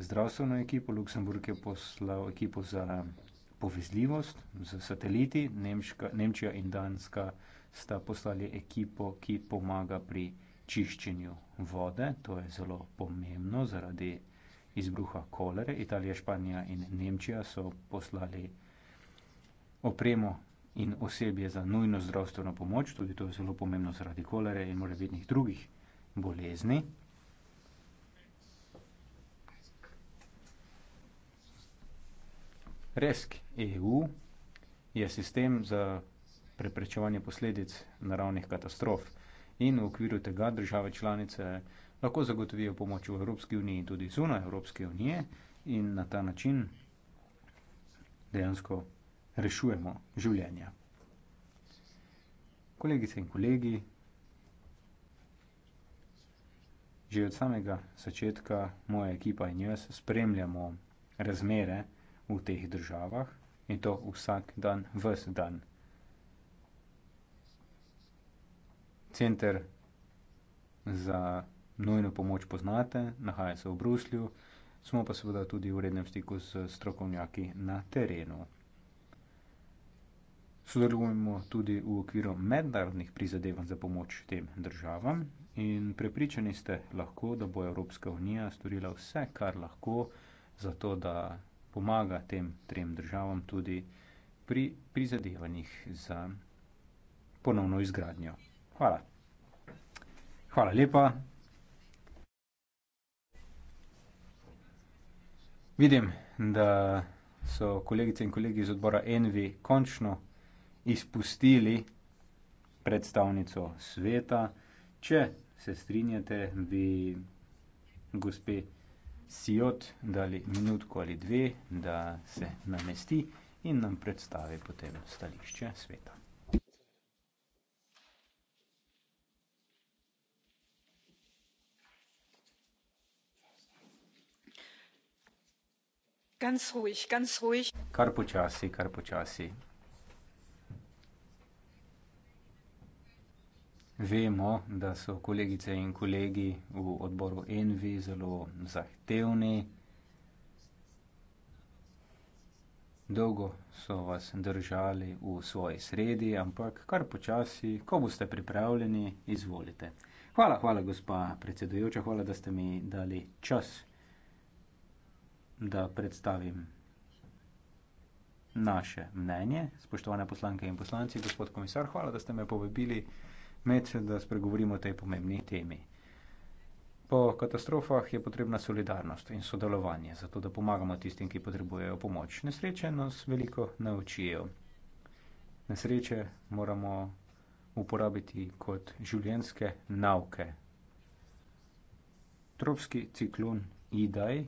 zdravstveno ekipo, Luksemburg je poslal ekipo za povezljivost, za sateliti, Nemška, Nemčija in Danska sta poslali ekipo, ki pomaga pri čiščenju vode. To je zelo pomembno zaradi izbruha kolere. Italija, Španija in Nemčija so poslali opremo in osebje za nujno zdravstveno pomoč, tudi to je zelo pomembno zaradi kolere in morebitnih drugih bolezni. Resk EU je sistem za preprečevanje posledic naravnih katastrof in v okviru tega države članice lahko zagotovijo pomoč v Evropski uniji in tudi zunaj Evropske unije in na ta način dejansko rešujemo življenja. Kolegice in kolegi, že od samega začetka moja ekipa in jaz spremljamo razmere, v teh državah in to vsak dan, vse dan. Center za nujno pomoč poznate, nahaja se v Bruslju, smo pa seveda tudi v rednem stiku s strokovnjaki na terenu. Sodelujemo tudi v okviru mednarodnih prizadevanj za pomoč tem državam in prepričani ste lahko, da bo Evropska unija storila vse, kar lahko, zato da pomaga tem trem državam tudi pri prizadevanjih za ponovno izgradnjo. Hvala. Hvala lepa. Vidim, da so kolegice in kolegi iz odbora Envi končno izpustili predstavnico sveta. Če se strinjate, bi gospe siot dali minutko ali dve, da se namesti in nam predstavi potem stališče sveta. Kar počasi, kar počasi. Vemo, da so kolegice in kolegi v odboru Envi zelo zahtevni. Dolgo so vas držali v svoji sredi, ampak kar počasi, ko boste pripravljeni, izvolite. Hvala, hvala, gospa predsedujoča, hvala, da ste mi dali čas, da predstavim naše mnenje. Spoštovane poslanke in poslanci, gospod komisar, hvala, da ste me povabili med, da spregovorimo o tej pomembni temi. Po katastrofah je potrebna solidarnost in sodelovanje, zato da pomagamo tistim, ki potrebujejo pomoč. Nesreče nas veliko naučijo. Nesreče moramo uporabiti kot življenske nauke. Tropski ciklon Idaj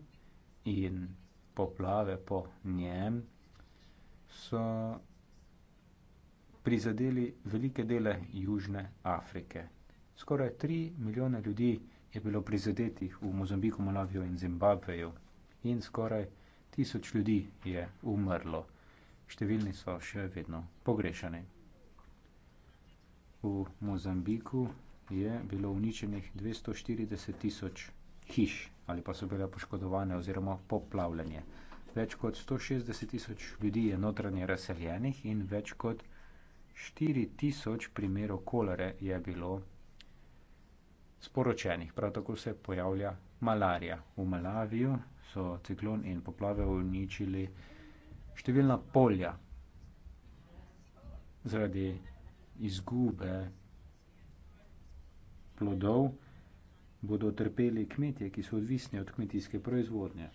in poplave po njem so prizadeli velike dele Južne Afrike. Skoraj tri milijone ljudi je bilo prizadetih v Mozambiku, Malaviju in Zimbabveju in skoraj tisoč ljudi je umrlo. Številni so še vedno pogrešani. V Mozambiku je bilo uničenih 240 tisoč hiš ali pa so bile poškodovane oziroma poplavljene. Več kot 160 tisoč ljudi je notranje razseljenih in več kot 4000 primerov kolere je bilo sporočenih. Prav tako se pojavlja malarija. V Malaviju so ciklon in poplave uničili številna polja zaradi izgube plodov. Bodo trpeli kmetje, ki so odvisni od kmetijske proizvodnje.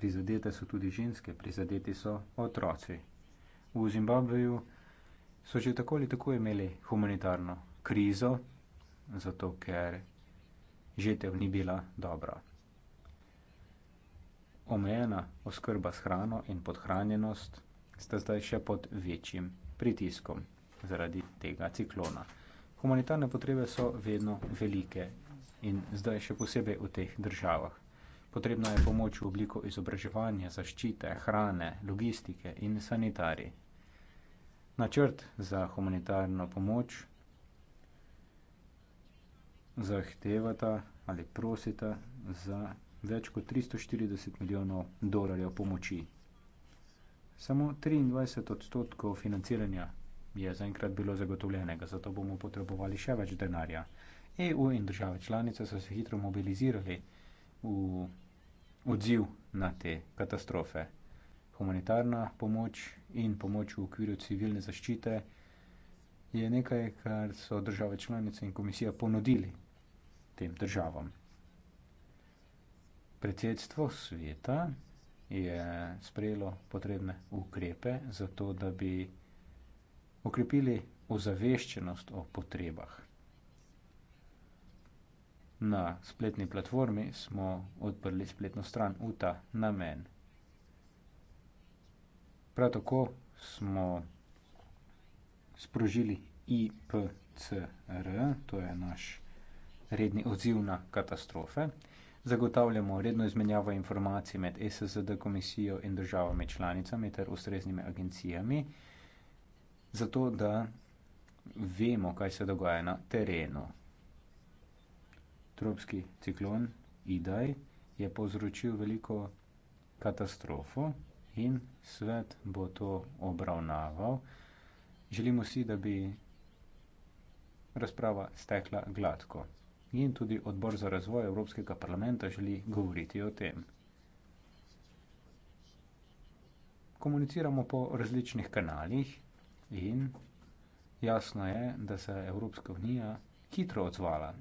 Prizadete so tudi ženske, prizadeti so otroci v Zimbabveju, so že tako ali tako imeli humanitarno krizo, zato ker žitev ni bila dobra. Omejena oskrba s hrano in podhranjenost sta zdaj še pod večjim pritiskom zaradi tega ciklona. Humanitarne potrebe so vedno velike in zdaj še posebej v teh državah. Potrebna je pomoč v obliko izobraževanja, zaščite, hrane, logistike in sanitarije načrt za humanitarno pomoč zahtevata ali prosita za več kot 340 milijonov dolarjev pomoči samo 23 odstotkov financiranja je zaenkrat bilo zagotovljenega zato bomo potrebovali še več denarja eu in države članice so se hitro mobilizirali v odziv na te katastrofe humanitarna pomoč in pomoč v okviru civilne zaščite je nekaj, kar so države članice in komisija ponudili tem državam. Predsedstvo sveta je sprejelo potrebne ukrepe za to, da bi okrepili ozaveščenost o potrebah. Na spletni platformi smo odprli spletno stran UTA namen Prav tako smo sprožili IPCR, to je naš redni odziv na katastrofe. Zagotavljamo redno izmenjavo informacij med SSD komisijo in državami članicami ter ustreznimi agencijami, zato da vemo, kaj se dogaja na terenu. Tropski ciklon Idaj je povzročil veliko katastrofo in svet bo to obravnaval. Želimo si, da bi razprava stekla gladko. In tudi odbor za razvoj Evropskega parlamenta želi govoriti o tem. Komuniciramo po različnih kanalih in jasno je, da se Evropska unija hitro odzvala.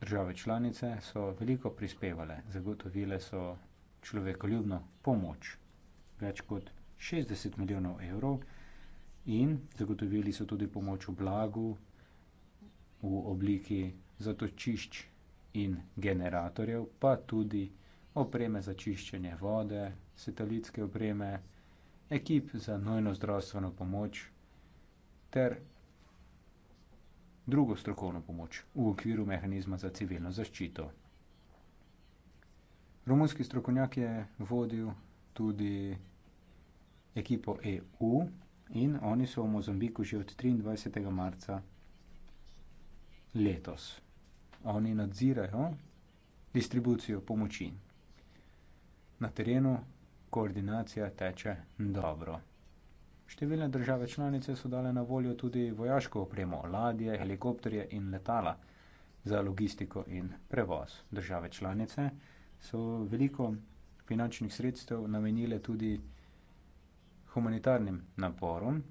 Države članice so veliko prispevale, zagotovile so človekoljubno pomoč, več kot 60 milijonov evrov, in zagotovili so tudi pomoč v blagu v obliki zatočišč in generatorjev, pa tudi opreme za čiščenje vode, satelitske opreme, ekip za nujno zdravstveno pomoč ter drugo strokovno pomoč v okviru mehanizma za civilno zaščito. Romunski strokovnjak je vodil tudi ekipo EU in oni so v Mozambiku že od 23. marca letos. Oni nadzirajo distribucijo pomoči. Na terenu koordinacija teče dobro. Številne države članice so dale na voljo tudi vojaško opremo, ladje, helikopterje in letala za logistiko in prevoz. Države članice so veliko finančnih sredstev namenile tudi humanitarnim naporom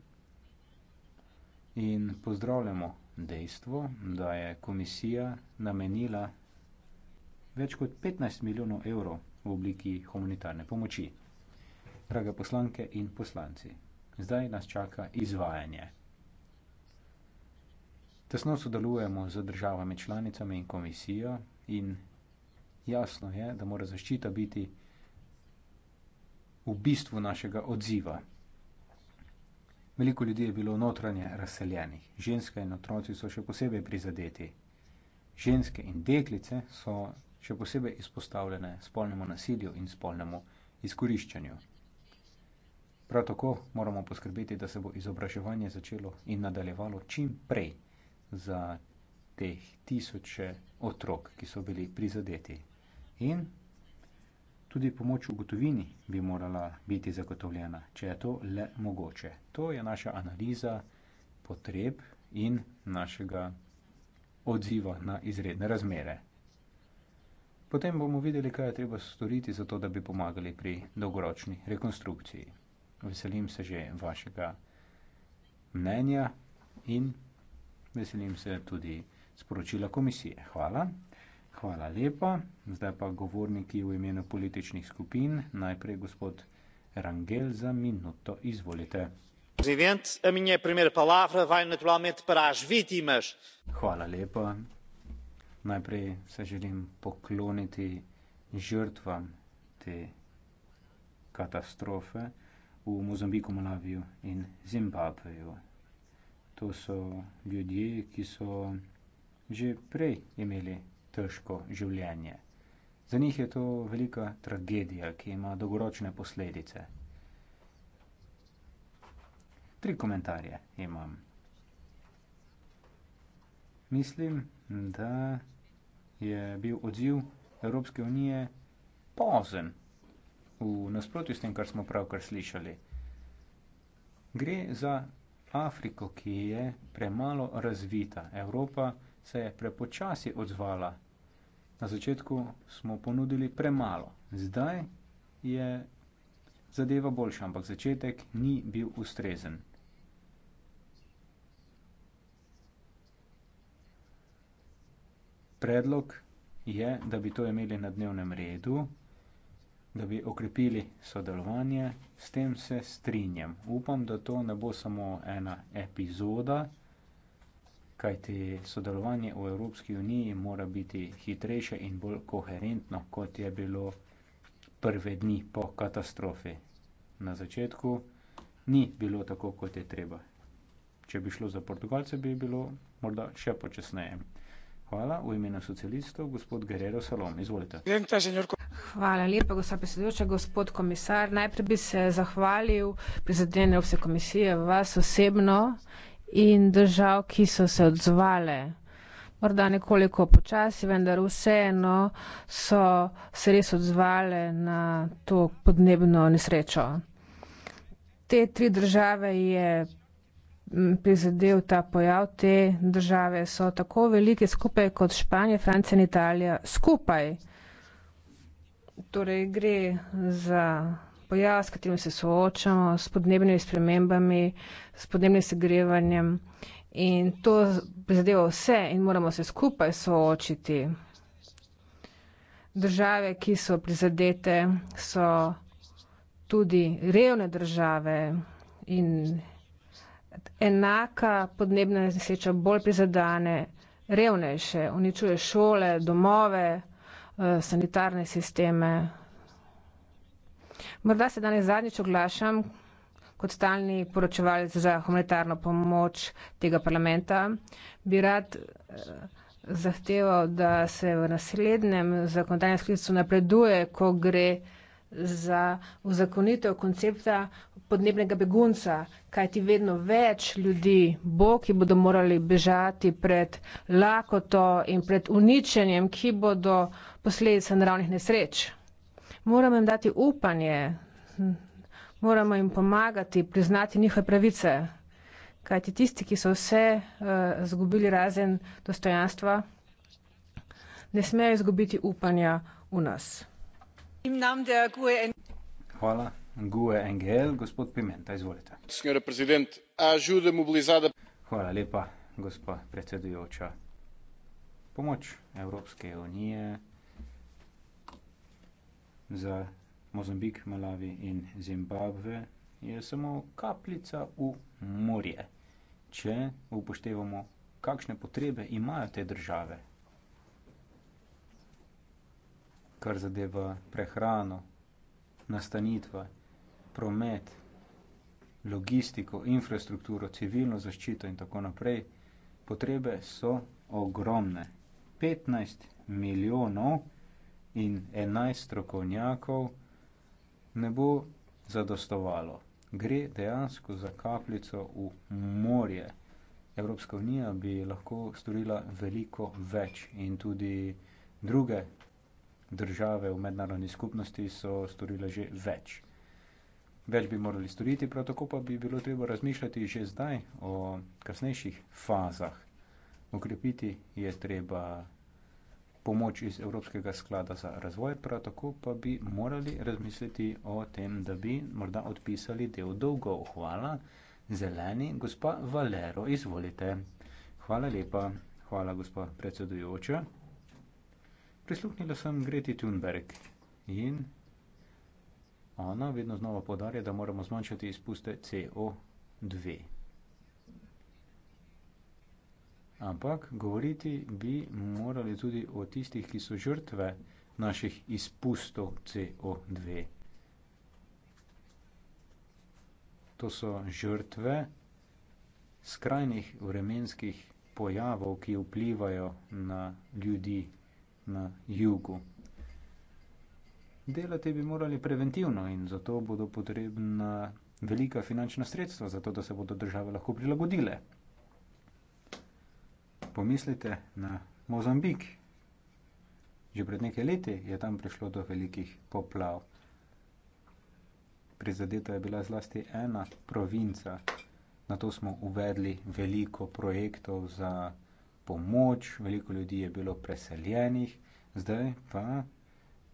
in pozdravljamo dejstvo, da je komisija namenila več kot 15 milijonov evrov v obliki humanitarne pomoči. Draga poslanke in poslanci, zdaj nas čaka izvajanje. Tesno sodelujemo z državami članicami in komisijo in jasno je, da mora zaščita biti v bistvu našega odziva. Veliko ljudi je bilo notranje razseljenih, ženske in otroci so še posebej prizadeti. Ženske in deklice so še posebej izpostavljene spolnemu nasilju in spolnemu izkoriščanju. Prav tako moramo poskrbeti, da se bo izobraževanje začelo in nadaljevalo čim prej za teh tisoče otrok, ki so bili prizadeti in tudi pomoč v gotovini bi morala biti zagotovljena, če je to le mogoče. To je naša analiza potreb in našega odziva na izredne razmere. Potem bomo videli, kaj je treba storiti, zato da bi pomagali pri dolgoročni rekonstrukciji. Veselim se že vašega mnenja in veselim se tudi sporočila komisije. Hvala. Hvala lepa. Zdaj pa govorniki v imenu političnih skupin. Najprej gospod Rangel za minuto. Izvolite. Hvala lepa. Najprej se želim pokloniti žrtvam te katastrofe v Mozambiku, Malaviju in Zimbabveju. To so ljudje, ki so že prej imeli težko življenje. Za njih je to velika tragedija, ki ima dolgoročne posledice. Tri komentarje imam. Mislim, da je bil odziv Evropske unije pozen, v nasprotju s tem, kar smo pravkar slišali. Gre za Afriko, ki je premalo razvita. Evropa se je prepočasi odzvala Na začetku smo ponudili premalo, zdaj je zadeva boljša, ampak začetek ni bil ustrezen. Predlog je, da bi to imeli na dnevnem redu, da bi okrepili sodelovanje, s tem se strinjam. Upam, da to ne bo samo ena epizoda kajti sodelovanje v evropski uniji mora biti hitrejše in bolj koherentno kot je bilo prve dni po katastrofi na začetku ni bilo tako kot je treba če bi šlo za portugalce bi bilo morda še počasneje Hvala v imenu socialistov, gospod Guerrero Salom. Izvolite. Hvala lepa, gospod predsedujoča, gospod komisar. Najprej bi se zahvalil prizadene vse komisije, vas osebno in držav, ki so se odzvale. Morda nekoliko počasi, vendar vseeno so se res odzvale na to podnebno nesrečo. Te tri države je prizadel ta pojav, te države so tako velike skupaj kot Španija, Francija in Italija skupaj. Torej gre za ja, s katerimi se soočamo, s podnebnimi spremembami, s podnebnim segrevanjem. In to prizadeva vse in moramo se skupaj soočiti. Države, ki so prizadete, so tudi revne države in enaka podnebna nesreča bolj prizadane, revnejše, uničuje šole, domove, eh, sanitarne sisteme, Morda se danes zadnjič oglašam kot stalni poročevalec za humanitarno pomoč tega parlamenta. Bi rad eh, zahteval, da se v naslednjem zakonodajnem sklicu napreduje, ko gre za uzakonitev koncepta podnebnega begunca, kajti vedno več ljudi bo, ki bodo morali bežati pred lakoto in pred uničenjem, ki bodo posledica naravnih nesreč moramo jim dati upanje, moramo jim pomagati, priznati njihove pravice. Kajti tisti, ki so vse uh, eh, zgubili razen dostojanstva, ne smejo izgubiti upanja v nas. Hvala. Gue NGL, gospod Pimenta, izvolite. Hvala lepa, gospod predsedujoča. Pomoč Evropske unije za Mozambik, Malawi in Zimbabve, je samo kapljica v morje, če upoštevamo, kakšne potrebe imajo te države, kar zadeva prehrano, nastanitve, promet, logistiko, infrastrukturo, civilno zaščito in tako naprej. Potrebe so ogromne. 15 milijonov in enajst strokovnjakov ne bo zadostovalo. Gre dejansko za kapljico v morje. Evropska unija bi lahko storila veliko več in tudi druge države v mednarodni skupnosti so storile že več. Več bi morali storiti, prav tako pa bi bilo treba razmišljati že zdaj o kasnejših fazah. Okrepiti je treba pomoč iz Evropskega sklada za razvoj, prav tako pa bi morali razmisliti o tem, da bi morda odpisali del dolgov. Hvala, zeleni, gospa Valero, izvolite. Hvala lepa, hvala, gospa predsedujoča. Prisluhnila sem Greti Thunberg in ona vedno znova podarja, da moramo zmanjšati izpuste CO2 ampak govoriti bi morali tudi o tistih, ki so žrtve naših izpustov CO2. To so žrtve skrajnih vremenskih pojavov, ki vplivajo na ljudi na jugu. Delati bi morali preventivno in zato bodo potrebna velika finančna sredstva, zato da se bodo države lahko prilagodile pomislite na Mozambik. Že pred nekaj leti je tam prišlo do velikih poplav. Prizadeta je bila zlasti ena provinca. Na to smo uvedli veliko projektov za pomoč, veliko ljudi je bilo preseljenih, zdaj pa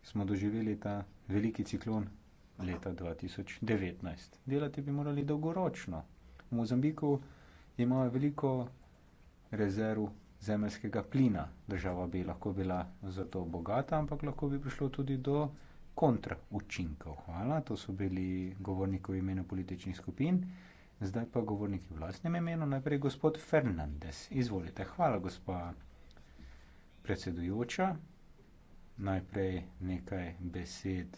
smo doživeli ta veliki ciklon leta 2019. Delati bi morali dolgoročno. V Mozambiku imajo veliko rezerv zemeljskega plina. Država bi lahko bila zato bogata, ampak lahko bi prišlo tudi do kontraučinkov. Hvala, to so bili govorniki v imenu političnih skupin. Zdaj pa govorniki v vlastnem imenu, najprej gospod Fernandez. Izvolite. Hvala, gospa predsedujoča. Najprej nekaj besed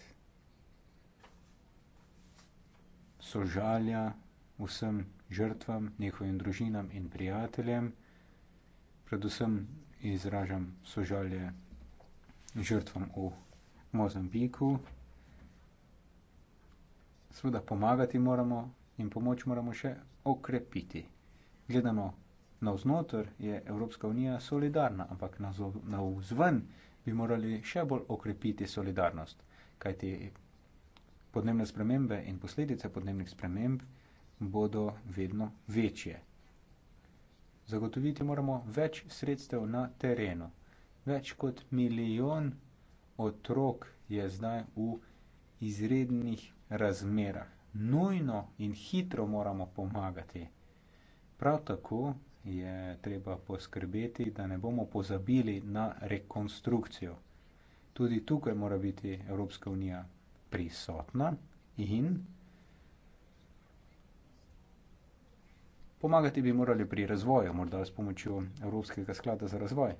sožalja vsem žrtvam, njihovim družinam in prijateljem predvsem izražam sožalje žrtvam v Mozambiku. Sveda pomagati moramo in pomoč moramo še okrepiti. Gledano na vznotr je Evropska unija solidarna, ampak na vzven bi morali še bolj okrepiti solidarnost, kajti podnebne spremembe in posledice podnebnih sprememb bodo vedno večje zagotoviti moramo več sredstev na terenu. Več kot milijon otrok je zdaj v izrednih razmerah. Nujno in hitro moramo pomagati. Prav tako je treba poskrbeti, da ne bomo pozabili na rekonstrukcijo. Tudi tukaj mora biti Evropska unija prisotna in Pomagati bi morali pri razvoju, morda s pomočjo Evropskega sklada za razvoj.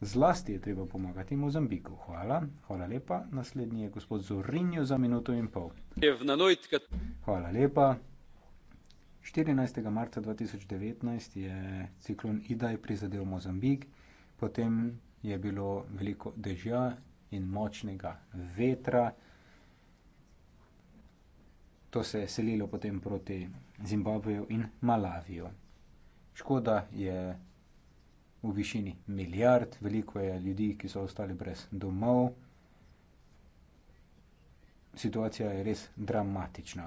Zlasti je treba pomagati Mozambiku. Hvala, hvala lepa. Naslednji je gospod Zorinjo za minuto in pol. Hvala lepa. 14. marca 2019 je ciklon Idaj prizadel Mozambik, potem je bilo veliko dežja in močnega vetra to se je selilo potem proti Zimbabveju in Malaviju. Škoda je v višini milijard, veliko je ljudi, ki so ostali brez domov. Situacija je res dramatična.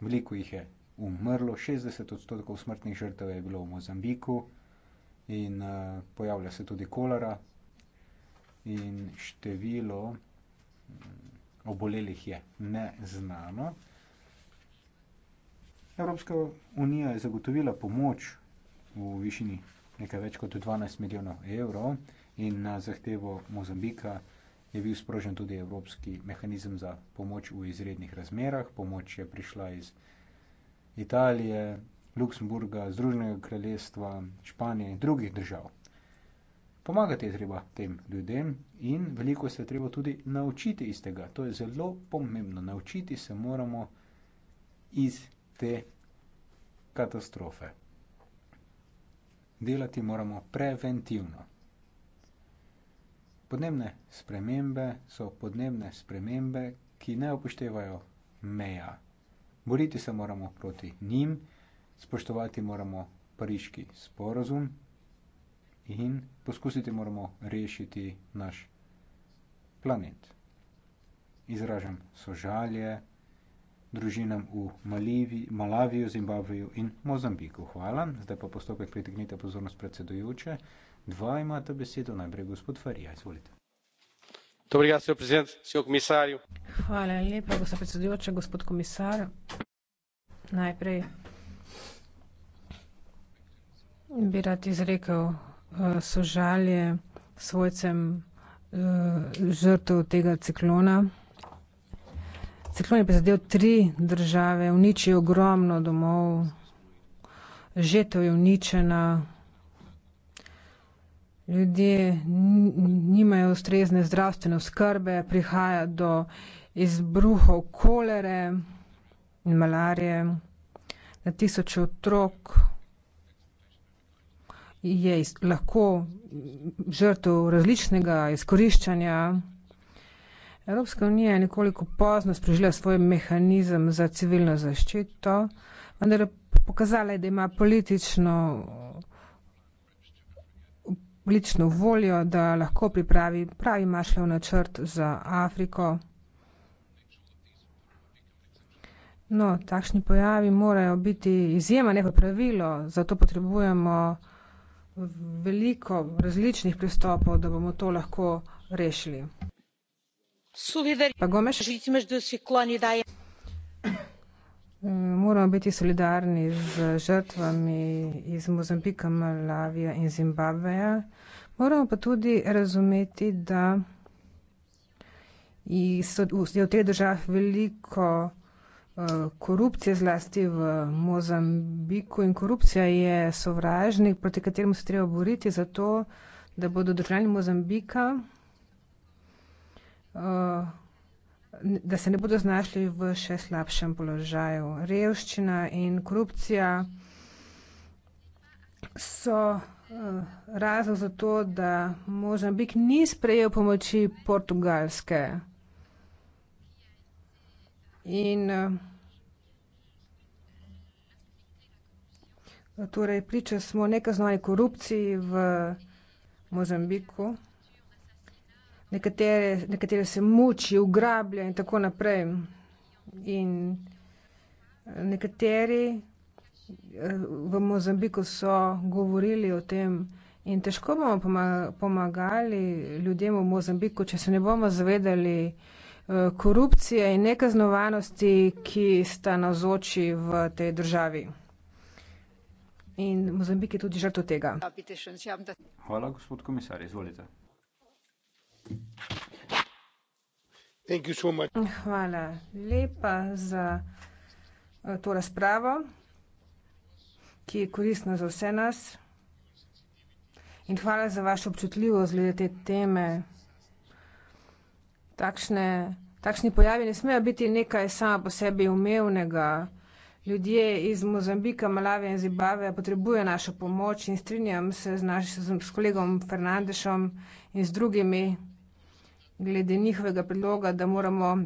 Veliko jih je umrlo, 60 odstotkov smrtnih žrtev je bilo v Mozambiku in uh, pojavlja se tudi kolera in število mm, obolelih je neznano. Evropska unija je zagotovila pomoč v višini nekaj več kot 12 milijonov evrov in na zahtevo Mozambika je bil sprožen tudi evropski mehanizem za pomoč v izrednih razmerah. Pomoč je prišla iz Italije, Luksemburga, Združenega kraljestva, Španije in drugih držav. Pomagati je treba tem ljudem in veliko se je treba tudi naučiti iz tega. To je zelo pomembno. Naučiti se moramo iz te katastrofe. Delati moramo preventivno. Podnebne spremembe so podnebne spremembe, ki ne upoštevajo meja. Boriti se moramo proti njim, spoštovati moramo pariški sporazum in poskusiti moramo rešiti naš planet. Izražam sožalje, družinam v Malivi, Malaviju, Zimbabveju in Mozambiku. Hvala. Zdaj pa postopek pritegnite pozornost predsedujoče. Dva imate besedo, najprej gospod Farija, izvolite. Dobro, jaz sem predsednik, sem komisar. Hvala lepa, gospod predsedujoče, gospod komisar. Najprej bi rad izrekel uh, sožalje svojcem uh, žrtev tega ciklona. Ciklon je prizadel tri države, uničil je ogromno domov, žetev je uničena, ljudje nimajo ustrezne zdravstvene oskrbe, prihaja do izbruhov kolere in malarije. Na tisoče otrok je lahko žrtev različnega izkoriščanja. Evropska unija je nekoliko pozno sprožila svoj mehanizem za civilno zaščito, vendar je pokazala, da ima politično politično voljo, da lahko pripravi pravi mašljev načrt za Afriko. No, takšni pojavi morajo biti izjema, ne pa pravilo, zato potrebujemo veliko različnih pristopov, da bomo to lahko rešili. Eh, moramo biti solidarni z žrtvami iz Mozambika, Malavija in Zimbabveja. Moramo pa tudi razumeti, da je v teh državah veliko eh, korupcije, zlasti v Mozambiku. In korupcija je sovražnik, proti kateremu se treba boriti, zato da bodo državljani Mozambika Eh, da se ne bodo znašli v še slabšem položaju. Revščina in korupcija so eh, razlog za to, da Mozambik ni sprejel pomoči portugalske. In eh, torej priča smo nekaznovani korupciji v Mozambiku nekatere, nekatere se muči, ugrablja in tako naprej. In eh, nekateri eh, v Mozambiku so govorili o tem in težko bomo pomagali ljudem v Mozambiku, če se ne bomo zavedali eh, korupcije in nekaznovanosti, ki sta nazoči v tej državi. In Mozambik je tudi žrtev tega. Hvala, gospod komisar, izvolite. Hvala lepa za, eh, to razpravo, ki je koristna za vse nas. In hvala za vašo občutljivost glede te teme. Takšne, takšni pojavi ne smejo biti nekaj sama po sebi umevnega. Ljudje iz Mozambika, Malavija in Zimbabveja potrebujejo našo pomoč in strinjam se z z kolegom Fernandešem in z drugimi, glede njihovega predloga, da moramo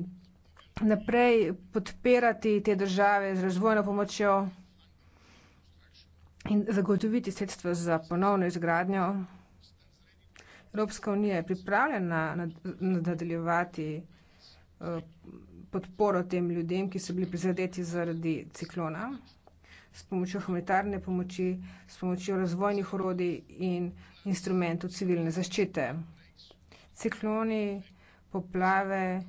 naprej podpirati te države z razvojno pomočjo in zagotoviti sredstva za ponovno izgradnjo. Evropska unija je pripravljena nadaljevati eh, podporo tem ljudem, ki so bili prizadeti zaradi ciklona, s pomočjo humanitarne pomoči, s pomočjo razvojnih orodij in instrumentov civilne zaščite cikloni, poplave,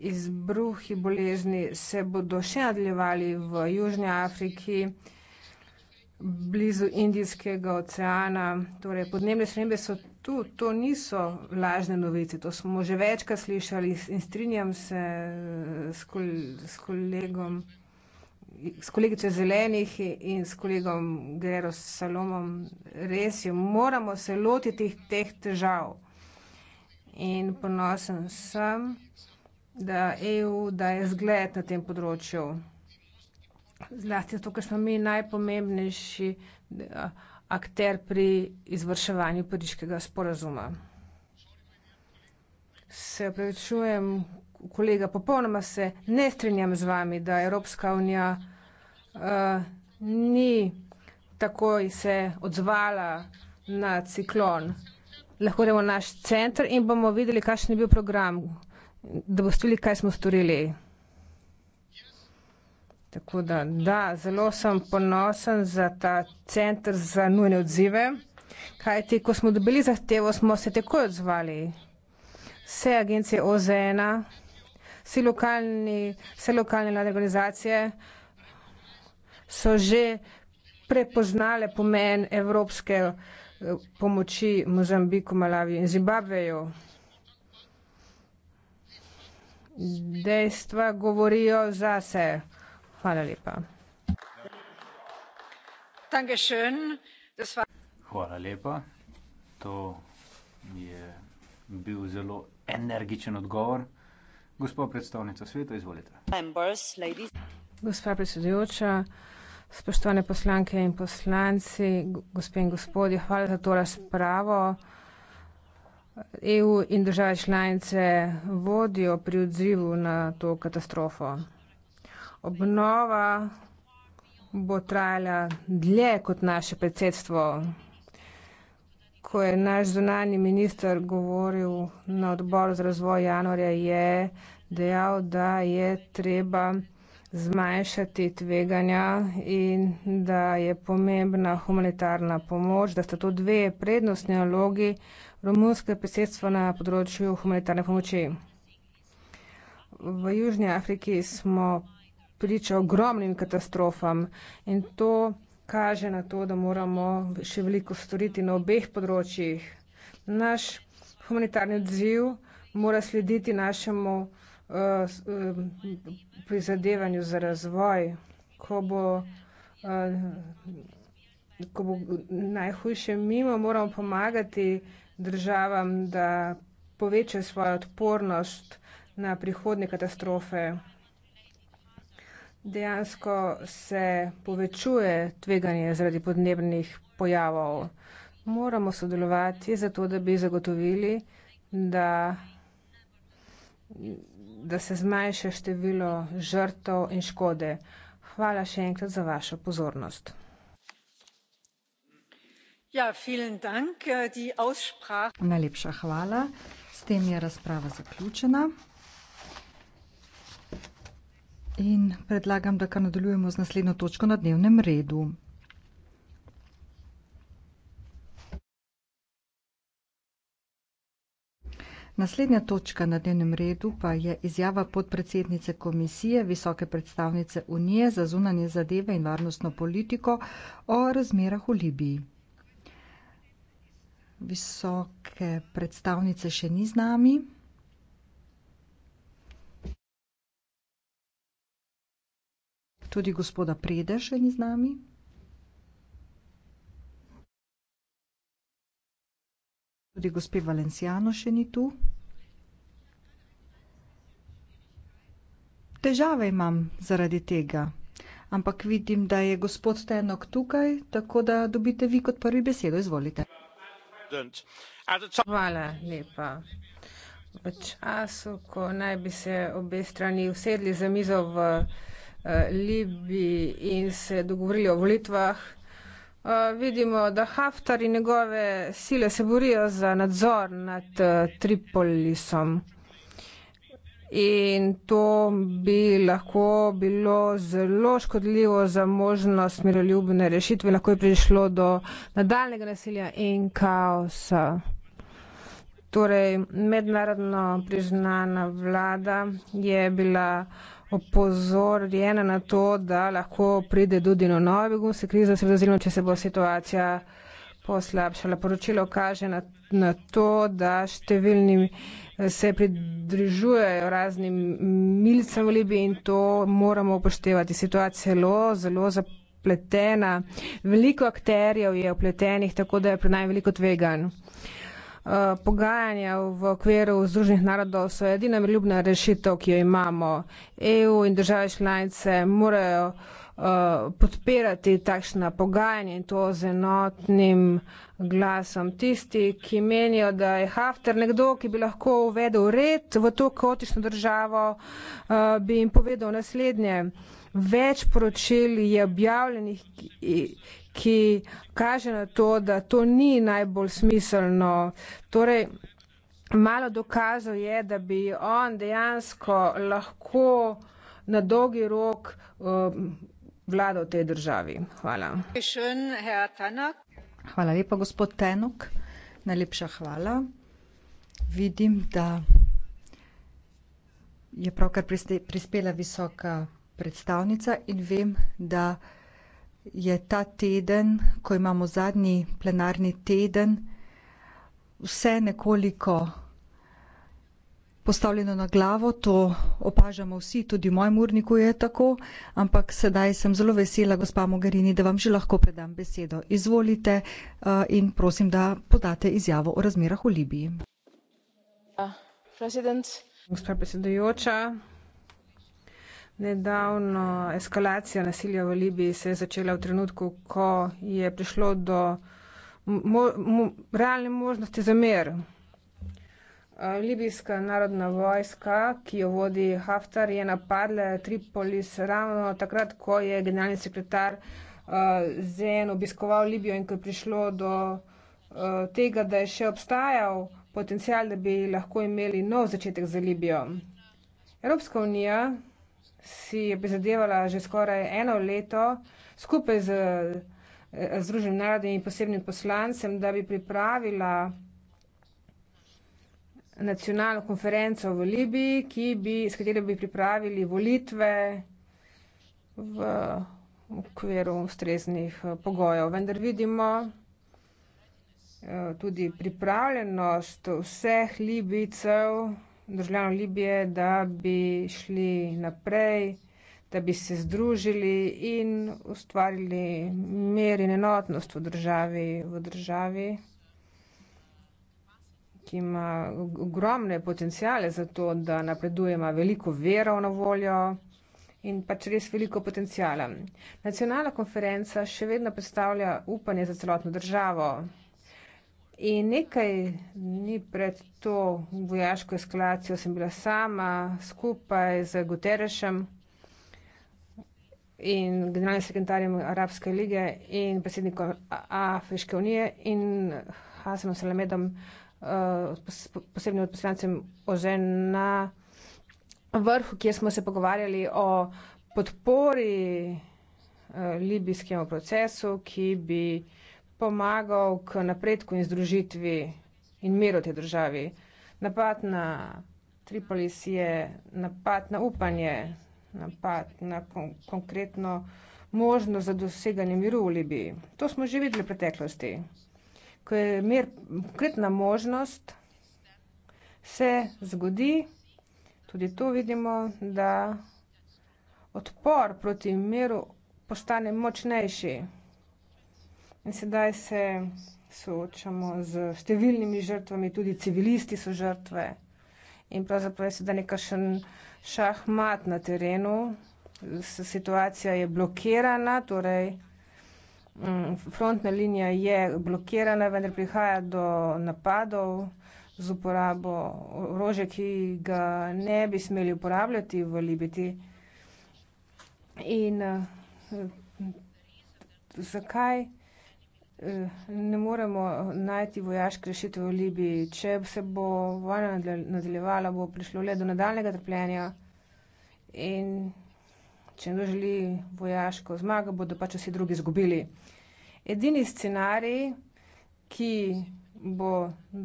izbruhi bolezni se bodo še nadaljevali v Južni Afriki, blizu Indijskega oceana. Torej, podnebne spremembe so tu, to niso lažne novice, to smo že večkrat slišali in strinjam se s, kol s kolegom s kolegico Zelenih in s kolegom Gero Salomom, res je, moramo se lotiti teh težav in ponosen sem, da EU daje zgled na tem področju. Zlasti zato, ker smo mi najpomembnejši akter pri izvrševanju pariškega sporazuma. Se opravičujem, kolega, popolnoma se ne strinjam z vami, da Evropska unija ni takoj se odzvala na ciklon lahko gremo v naš center in bomo videli, kakšen je bil program, da boste videli, kaj smo storili. Tako da, da, zelo sem ponosen za ta center za nujne odzive, kajti, ko smo dobili zahtevo, smo se takoj odzvali. Vse agencije OZN, vsi lokalni, vse lokalne organizacije so že prepoznale pomen evropske organizacije pomoči Mozambiku, Malaviju in Zimbabveju. Dejstva govorijo za se. Hvala lepa. Hvala lepa. To je bil zelo energičen odgovor. Gospod predstavnica sveta, izvolite. Gospa predsedujoča. Spoštovane poslanke in poslanci, gospe in gospodje, hvala za to razpravo. EU in države članice vodijo pri odzivu na to katastrofo. Obnova bo trajala dlje kot naše predsedstvo. Ko je naš zunani minister govoril na odboru za razvoj januarja, je dejal, da je treba zmanjšati tveganja in da je pomembna humanitarna pomoč, da sta to dve prednostni nalogi romunske predsedstva na področju humanitarne pomoči. V Južnji Afriki smo priča ogromnim katastrofam in to kaže na to, da moramo še veliko storiti na obeh področjih. Naš humanitarni odziv mora slediti našemu Eh, eh, prizadevanju za razvoj, ko bo, eh, ko bo najhujše mimo, moramo pomagati državam, da povečajo svojo odpornost na prihodnje katastrofe. Dejansko se povečuje tveganje zaradi podnebnih pojavov. Moramo sodelovati, zato da bi zagotovili, da da se zmanjša število žrtev in škode. Hvala še enkrat za vašo pozornost. Ja, dank, äh, die aussprach... Najlepša hvala. S tem je razprava zaključena. In predlagam, da kar nadaljujemo z naslednjo točko na dnevnem redu. Naslednja točka na dnevnem redu pa je izjava podpredsednice komisije Visoke predstavnice Unije za zunanje zadeve in varnostno politiko o razmerah v Libiji. Visoke predstavnice še ni z nami. Tudi gospoda Prede še ni z nami. Tudi gospe Valenciano še ni tu. Težave imam zaradi tega, ampak vidim, da je gospod Tenok tukaj, tako da dobite vi kot prvi besedo. Izvolite. Hvala lepa. V času, ko naj bi se obe strani usedli za mizo v eh, Libiji in se dogovorili o volitvah, Eh, vidimo, da Haftar in njegove sile se borijo za nadzor nad eh, Tripolisom. In to bi lahko bilo zelo škodljivo za možnost miroljubne rešitve, lahko je prišlo do nadaljnega nasilja in kaosa. Torej, mednarodno priznana vlada je bila uh, opozorjena na to, da lahko pride tudi do nove begunske krize, seveda zelo, če se bo situacija poslabšala. Poročilo kaže na, na to, da številni eh, se pridružujejo raznim milicam v Libiji in to moramo upoštevati. Situacija je zelo, zelo zapletena. Veliko akterjev je opletenih, tako da je pri najveliko tvegan. Uh, Eh, pogajanja v okviru Združenih narodov so edina miroljubna rešitev, ki jo imamo. EU in države članice morajo eh, podpirati takšna pogajanja in to z enotnim glasom. Tisti, ki menijo, da je Haftar nekdo, ki bi lahko uvedel red v to kaotično državo, eh, bi jim povedal naslednje. Več poročil je objavljenih ki kaže na to, da to ni najbolj smiselno. Torej, malo dokazov je, da bi on dejansko lahko na dolgi rok um, vladal tej državi. Hvala. Hvala lepa, gospod Tenok. Najlepša hvala. Vidim, da je pravkar prispela visoka predstavnica in vem, da je ta teden, ko imamo zadnji plenarni teden, vse nekoliko postavljeno na glavo, to opažamo vsi, tudi v mojem urniku je tako, ampak sedaj sem zelo vesela, gospa Mogherini, da vam že lahko predam besedo. Izvolite uh, in prosim, da podate izjavo o razmerah v Libiji. Ah, gospa predsedujoča, Nedavno eskalacija nasilja v Libiji se je začela v trenutku, ko je prišlo do mo mo realne možnosti za mir. Uh, libijska narodna vojska, ki jo vodi Haftar, je napadla Tripolis ravno takrat, ko je generalni sekretar uh, ZN obiskoval Libijo in ko je prišlo do uh, tega, da je še obstajal potencial, da bi lahko imeli nov začetek za Libijo. Evropska unija si je prizadevala že skoraj eno leto skupaj eh, z Združenim narodom in posebnim poslancem, da bi pripravila nacionalno konferenco v Libiji, ki bi, s katero bi pripravili volitve v okviru ustreznih eh, pogojev. Vendar vidimo eh, tudi pripravljenost vseh Libijcev, državljanov Libije, da bi šli naprej, da bi se združili in ustvarili mer in enotnost v državi, v državi ki ima ogromne potencijale za to, da napreduje, ima veliko vero na voljo in pač res veliko potencijala. Nacionalna konferenca še vedno predstavlja upanje za celotno državo. In nekaj dni pred to vojaško eskalacijo sem bila sama skupaj z Guterešem in generalnim sekretarjem Arabske lige in predsednikom Afriške unije in Hasanom Salamedom, eh, posebnim odposlancem OZN na vrhu, kjer smo se pogovarjali o podpori eh, libijskemu procesu, ki bi uh, pomagal k napredku in združitvi in miru te državi. Napad na Tripolis je napad na upanje, napad na kon konkretno možnost za doseganje miru v Libiji. To smo že videli v preteklosti. Ko je mir konkretna možnost, se zgodi, tudi tu vidimo, da odpor proti miru postane močnejši. In sedaj se soočamo z številnimi žrtvami, tudi civilisti so žrtve. In pravzaprav je sedaj nekakšen šahmat na terenu. Situacija je blokirana, torej mm, frontna linija je blokirana, vendar prihaja do napadov z uporabo orožja, ki ga ne bi smeli uporabljati v Libiji. In eh, zakaj? ne moremo eh, najti vojaške rešitve v Libiji. Če se bo vojna nadaljevala, bo prišlo le do nadaljnega trpljenja. In če kdo želi vojaško zmago, bodo pač vsi drugi izgubili. Edini scenarij, ki bo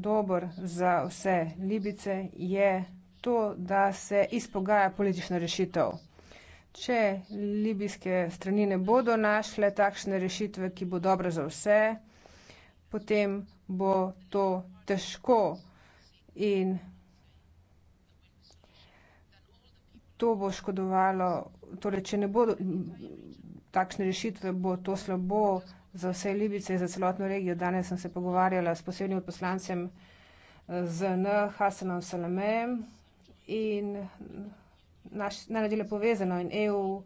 dober za vse Libice, je to, da se izpogaja politična rešitev. Če libijske strani ne bodo našle takšne rešitve, ki bo dobra za vse, potem bo to težko in to bo škodovalo, torej, če ne bodo takšne rešitve, bo to slabo za vse Libice in za celotno regijo. Danes sem se pogovarjala s posebnim odposlancem z N. Hasanom Salamejem in naš, najradile povezano in EU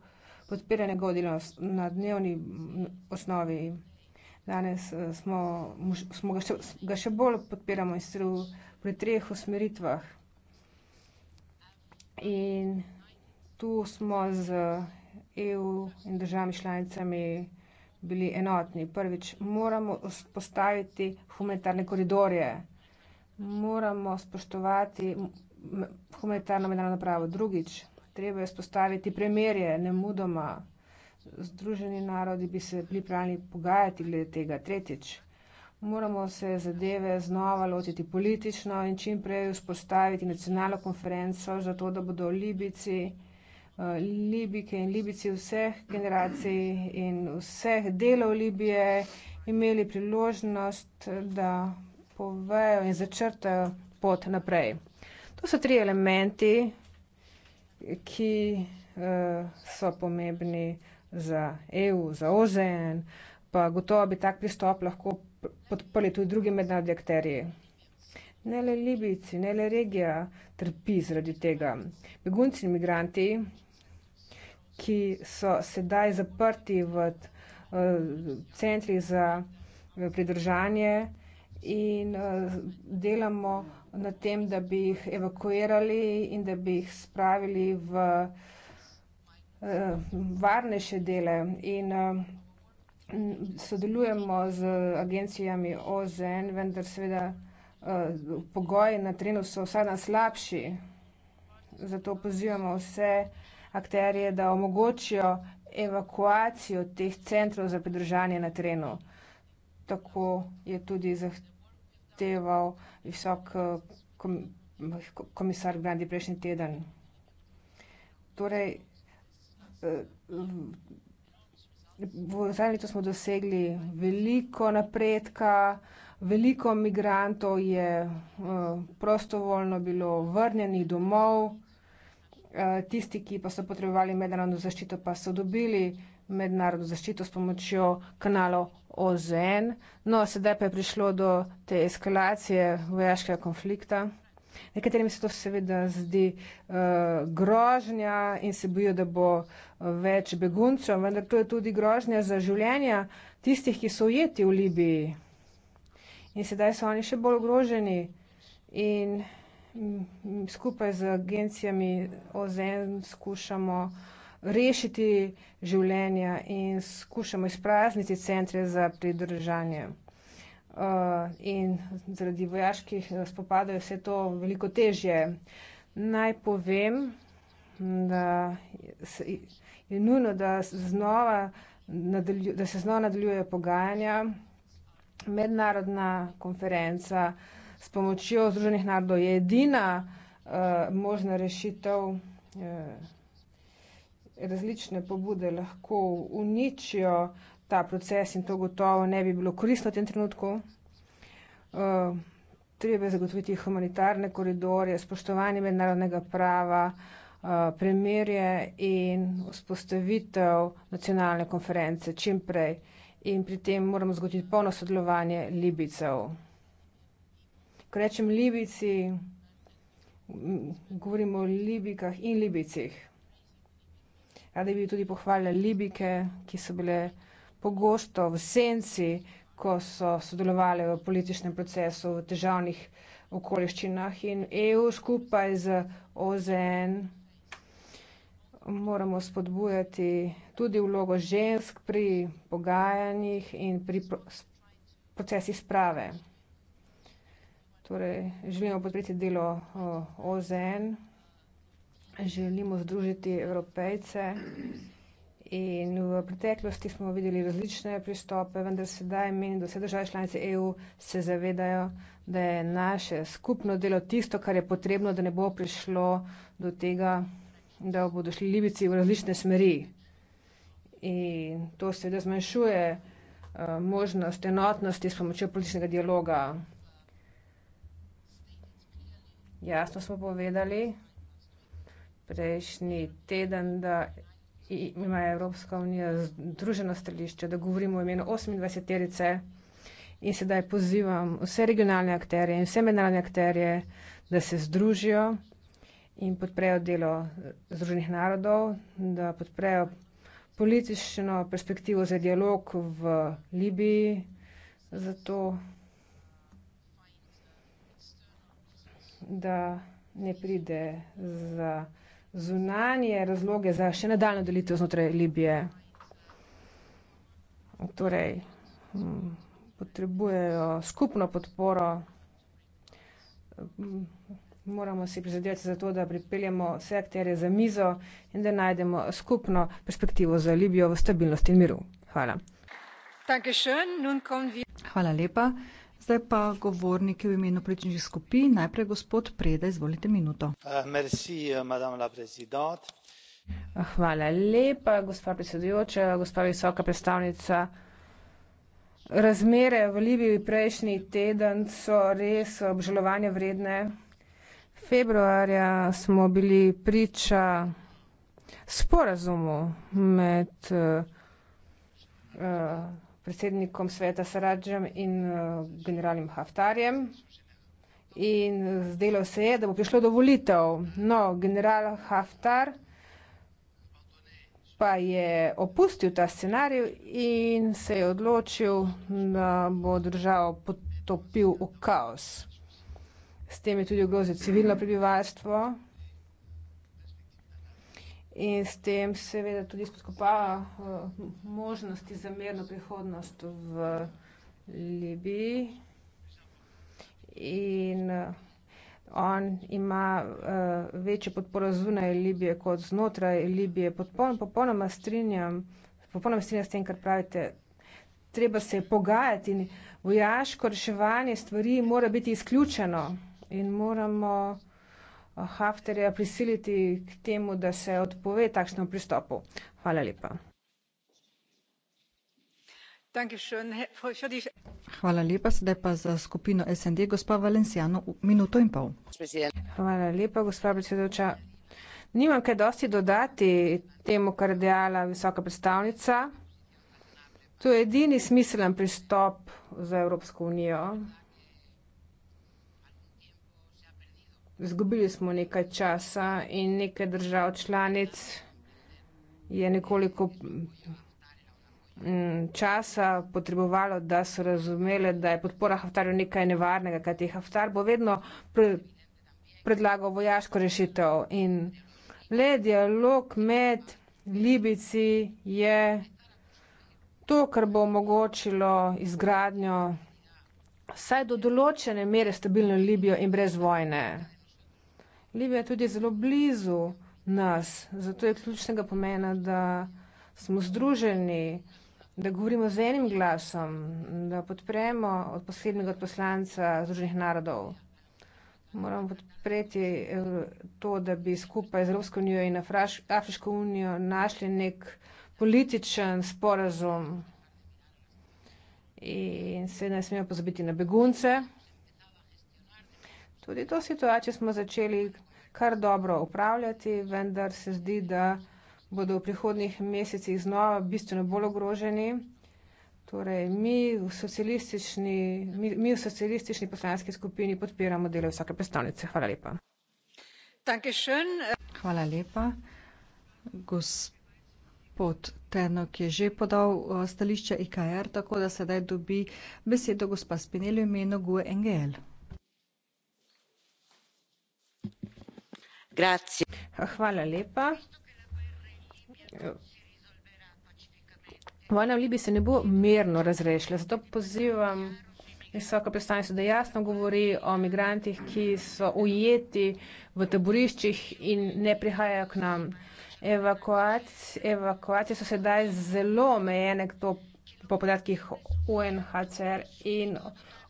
podpira njegovo delo na dnevni osnovi. Danes eh, smo, smo ga, še, ga še bolj podpiramo in sicer pri treh usmeritvah. In tu smo z EU in državami članicami bili enotni. Prvič, moramo postaviti humanitarne koridorje, moramo spoštovati humanitarno mednarodno pravo. Drugič, treba je spostaviti premirje, ne mudoma. Združeni narodi bi se bili pravni pogajati glede tega. Tretjič, moramo se zadeve znova lotiti politično in čim prej spostaviti nacionalno konferenco, zato da bodo Libici, eh, Libike in Libici vseh generacij in vseh delov Libije imeli priložnost, da povejo in začrtajo pot naprej. To so tri elementi, ki uh, so pomembni za EU, za OZN, pa gotovo bi tak pristop lahko podprli tudi drugi mednarodni akterji. Ne le Libijci, ne le regija trpi zaradi tega. Begunci in imigranti, ki so sedaj zaprti v uh, centrih za eh, pridržanje, in uh, delamo na tem, da bi jih evakuirali in da bi jih spravili v uh, varnejše dele. In, uh, sodelujemo z agencijami OZN, vendar seveda uh, pogoji na trenu so vsaj na slabši. Zato pozivamo vse akterje, da omogočijo evakuacijo teh centrov za pridržanje na trenu. Uh, tako je tudi zahteval visok eh, komisar Brandi prejšnji teden. Torej, eh, v zadnjem letu smo dosegli veliko napredka, veliko migrantov je eh, prostovoljno bilo vrnjeni domov, tisti, ki pa so potrebovali mednarodno zaščito, pa so dobili mednarodno zaščito s pomočjo kanalov OZN. No, sedaj pa je prišlo do te eskalacije vojaškega konflikta. Nekaterim se to seveda zdi uh, grožnja in se bojijo, da bo eh, več beguncev, vendar to je tudi grožnja za življenja tistih, ki so ujeti v Libiji. In sedaj so oni še bolj ogroženi in mm, skupaj z agencijami OZN skušamo uh, rešiti življenja in skušamo izprazniti centre za pridržanje. Uh, in zaradi vojaških uh, spopadov je vse to veliko težje. Naj povem, da je nujno, da, znova nadalju, da se znova nadaljuje pogajanja. Mednarodna konferenca s pomočjo Združenih narodov je edina uh, možna rešitev. Uh, različne pobude lahko uničijo ta proces in to gotovo ne bi bilo koristno v tem trenutku. Uh, treba je zagotoviti humanitarne koridorje, spoštovanje mednarodnega prava, uh, premirje in vzpostavitev nacionalne konference čim prej. In pri tem moramo zagotoviti polno sodelovanje Libicev. Ko rečem Libici, govorimo o Libikah in Libicih. Radi bi tudi pohvalili Libike, ki so bile pogosto v senci, ko so sodelovali v političnem procesu v težavnih okoliščinah in EU skupaj z OZN moramo spodbujati tudi vlogo žensk pri pogajanjih in pri procesih sprave. Torej, želimo podpreti delo OZN želimo združiti evropejce. In v preteklosti smo videli različne pristope, vendar sedaj menim, da vse države članice EU se zavedajo, da je naše skupno delo tisto, kar je potrebno, da ne bo prišlo do tega, da bodo šli Libici v različne smeri. In to seveda zmanjšuje uh, možnost enotnosti s pomočjo političnega dialoga. Jasno smo povedali prejšnji teden, da ima Evropska unija združeno stališče, da govorimo o imenu 28-terice in sedaj pozivam vse regionalne akterje in vse mednarodne akterje, da se združijo in podprejo delo Združenih narodov, da podprejo politično perspektivo za dialog v Libiji. Zato, da ne pride za zunanje razloge za še nadaljno delitev znotraj Libije. Torej, hm, potrebujejo skupno podporo. Hm, moramo si prizadevati za to, da pripeljemo vse akterje za mizo in da najdemo skupno perspektivo za Libijo v stabilnosti in miru. Hvala. Hvala lepa. Zdaj pa govorniki v imenu političnih skupin. Najprej gospod Preda, izvolite minuto. Eh, merci, eh, madame la présidente. Hvala lepa, gospa predsedujoča, gospa visoka predstavnica. Razmere v Libiji prejšnji teden so res obžalovanje vredne. Februarja smo bili priča sporazumu med uh, uh, predsednikom sveta Saradžem in eh, generalnim Haftarjem. In eh, zdelo se je, da bo prišlo do volitev. No, general Haftar pa je opustil ta scenarij in se je odločil, da bo državo potopil v kaos. S tem je tudi ogrozil civilno prebivalstvo in s tem seveda tudi spodkopava eh, možnosti za mirno prihodnost v Libiji. In eh, on ima uh, večjo podporo zunaj Libije kot znotraj Libije. Popolno, popolnoma strinjam, popolnoma strinjam s tem, kar pravite, treba se pogajati in vojaško reševanje stvari mora biti izključeno in moramo Hafterja prisiliti k temu, da se odpove takšnemu pristopu. Hvala lepa. Hvala lepa, sedaj pa za skupino SND, gospa Valenciano, minuto in pol. Hvala lepa, gospa predsedujoča. Nimam kaj dosti dodati temu, kar je dejala visoka predstavnica. To je edini smiselen pristop za Evropsko unijo. Zgubili smo nekaj časa in nekaj držav članic je nekoliko mm, časa potrebovalo, da so razumele, da je podpora Haftarju nekaj nevarnega, kajti Haftar bo vedno pre predlagal vojaško rešitev in le dialog med Libici je to, kar bo omogočilo izgradnjo saj do določene mere stabilno Libijo in brez vojne. Libija je tudi zelo blizu nas, zato je ključnega pomena, da smo združeni, da govorimo z enim glasom, da podpremo od posebnega poslanca Združenih narodov. Moramo podpreti eh, to, da bi skupaj z Evropsko unijo in Afriško unijo našli nek političen sporazum in se ne smemo pozabiti na begunce. Tudi to situacijo smo začeli kar dobro upravljati, vendar se zdi, da bodo v prihodnih mesecih znova bistveno bolj ogroženi. Torej, mi v socialistični, mi, mi v socialistični poslanski skupini podpiramo delo vsake predstavnice. Hvala lepa. Dankeschön. Hvala lepa. Gospod Tenok je že podal stališče IKR, tako da sedaj dobi besedo gospa Spinelli v imenu GUE NGL. Hvala lepa. Vojna v Libiji se ne bo mirno razrešila, zato pozivam visoko predstavnico, da jasno govori o migrantih, ki so ujeti v taboriščih in ne prihajajo k nam. evakuacije so sedaj zelo omejene, to po podatkih UNHCR in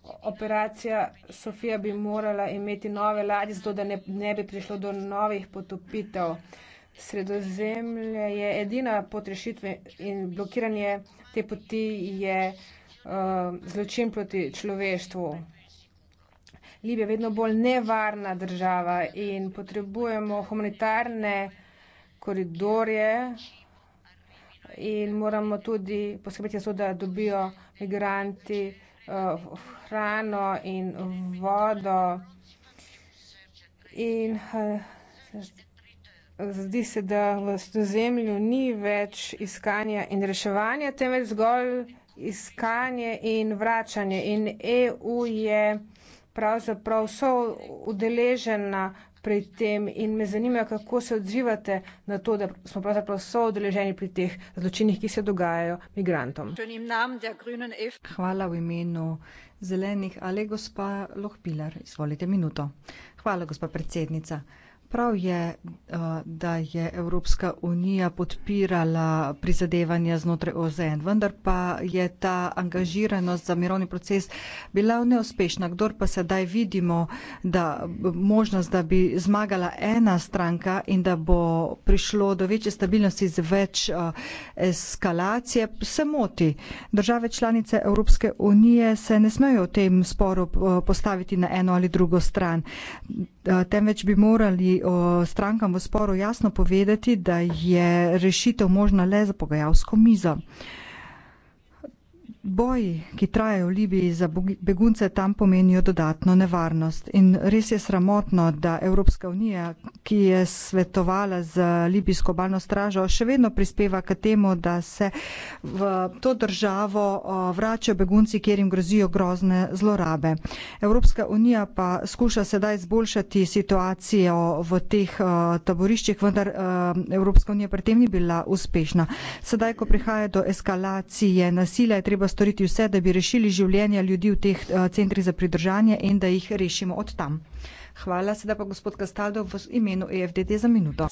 operacija Sofija bi morala imeti nove ladje, zato da ne, ne bi prišlo do novih potopitev. Sredozemlje je edina pot rešitve in blokiranje te poti je uh, zločin proti človeštvu. Libija je vedno bolj nevarna država in potrebujemo humanitarne koridorje in moramo tudi poskrbeti za to, da dobijo migranti uh, Eh, hrano in vodo. In eh, zdi se, da v sredozemlju ni več iskanja in reševanja, temveč zgolj iskanje in vračanje. In EU je pravzaprav so udeležena pri tem in me zanima, kako se odzivate na to, da smo pravzaprav soodeleženi pri teh zločinih, ki se dogajajo migrantom. Hvala v imenu zelenih ali gospa Lohpilar. Izvolite minuto. Hvala, gospa predsednica. Prav je, eh, da je Evropska unija podpirala prizadevanja znotraj OZN, vendar pa je ta angažiranost za mirovni proces bila neuspešna. Kdor pa sedaj vidimo, da možnost, da bi zmagala ena stranka in da bo prišlo do večje stabilnosti z več eh, eskalacije, se moti. Države članice Evropske unije se ne smejo v tem sporu eh, postaviti na eno ali drugo stran temveč bi morali strankam v sporu jasno povedati, da je rešitev možna le za pogajalsko mizo. Boji, ki trajajo v Libiji za begunce, tam pomenijo dodatno nevarnost. In res je sramotno, da Evropska unija, ki je svetovala z Libijsko obalno stražo, še vedno prispeva k temu, da se v to državo vračajo begunci, kjer jim grozijo grozne zlorabe. Evropska unija pa skuša sedaj izboljšati situacijo v teh taboriščih, vendar Evropska unija pri tem ni bila uspešna. Sedaj, ko prihaja do eskalacije nasilja, je treba storiti vse, da bi rešili življenja ljudi v teh eh, centrih za pridržanje in da jih rešimo od tam. Hvala, sedaj pa gospod Kastaldo v imenu EFDD za minuto.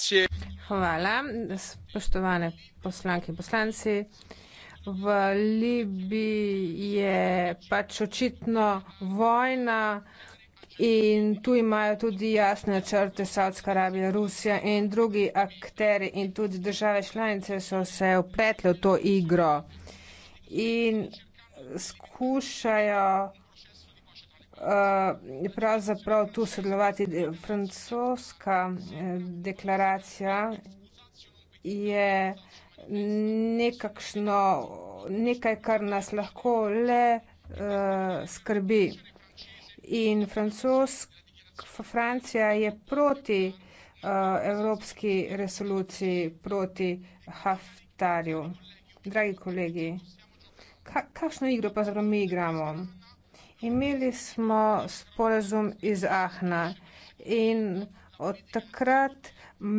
Hvala, spoštovane poslanke in poslanci. V Libiji je pač očitno vojna in tu imajo tudi jasne črte Saudska Arabija, Rusija in drugi akteri in tudi države članice so se upletle v to igro in skušajo eh, pravzaprav tu sodelovati. Francoska eh, deklaracija je nekakšno nekaj, kar nas lahko le eh, skrbi. In Francija je proti evropski resoluciji proti Haftarju. Dragi kolegi kakšno igro pa zelo mi igramo. Imeli smo sporazum iz Ahna in od takrat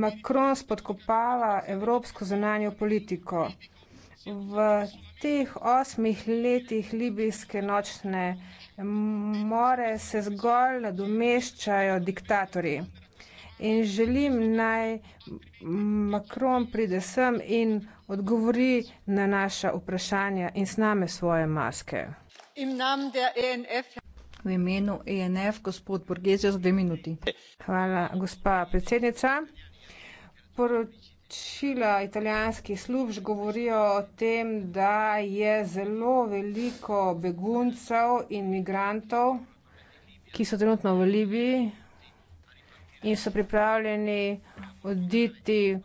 Macron spodkopava evropsko zunanjo politiko. V teh osmih letih libijske nočne more se zgolj nadomeščajo diktatorji in želim naj Makron pride sem in odgovori na naša vprašanja in sname svoje maske. E ja. V imenu ENF, gospod Borgezio, za dve minuti. Hvala, gospa predsednica. Poročila italijanskih služb govorijo o tem, da je zelo veliko beguncev in migrantov, ki so trenutno v Libiji, in so pripravljeni oditi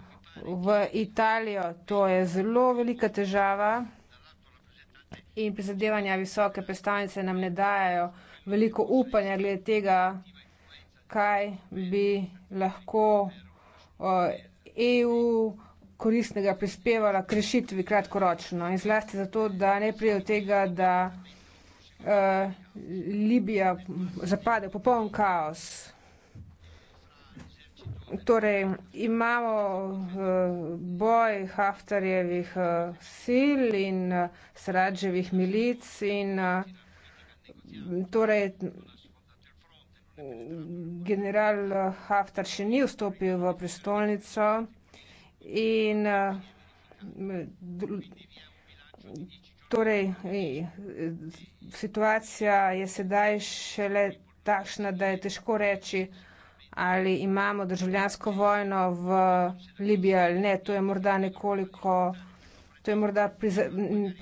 v Italijo. To je zelo velika težava in prizadevanja visoke predstavnice nam ne dajo veliko upanja glede tega, kaj bi lahko EU koristnega prispevala k rešitvi kratkoročno in zlasti zato, da ne prije od tega, da e, Libija zapade v popoln kaos torej imamo eh, boj Haftarjevih eh, sil in eh, Sradževih milic in torej general Haftar še ni vstopil v prestolnico in torej situacija je sedaj šele takšna, da je težko reči, ali imamo državljansko vojno v Libiji ali ne. To je morda nekoliko, to je morda priza,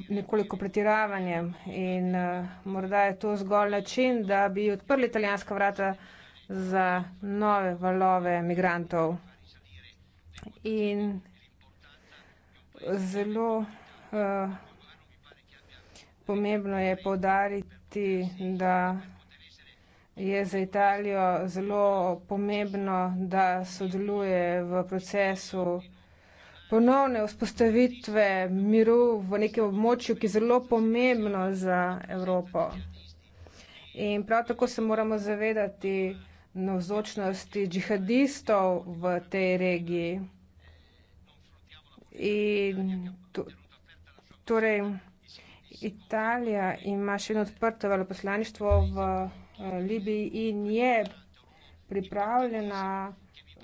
nekoliko pretiravanjem in uh, morda je to zgolj način, da bi odprli italijanska vrata za nove valove migrantov. In zelo uh, pomembno je povdariti, da je za Italijo zelo pomembno, da sodeluje v procesu ponovne vzpostavitve miru v nekem območju, ki je zelo pomembno za Evropo. In prav tako se moramo zavedati navzočnosti džihadistov v tej regiji. In torej, Italija ima še eno odprto veleposlaništvo v Eh, Libiji in je pripravljena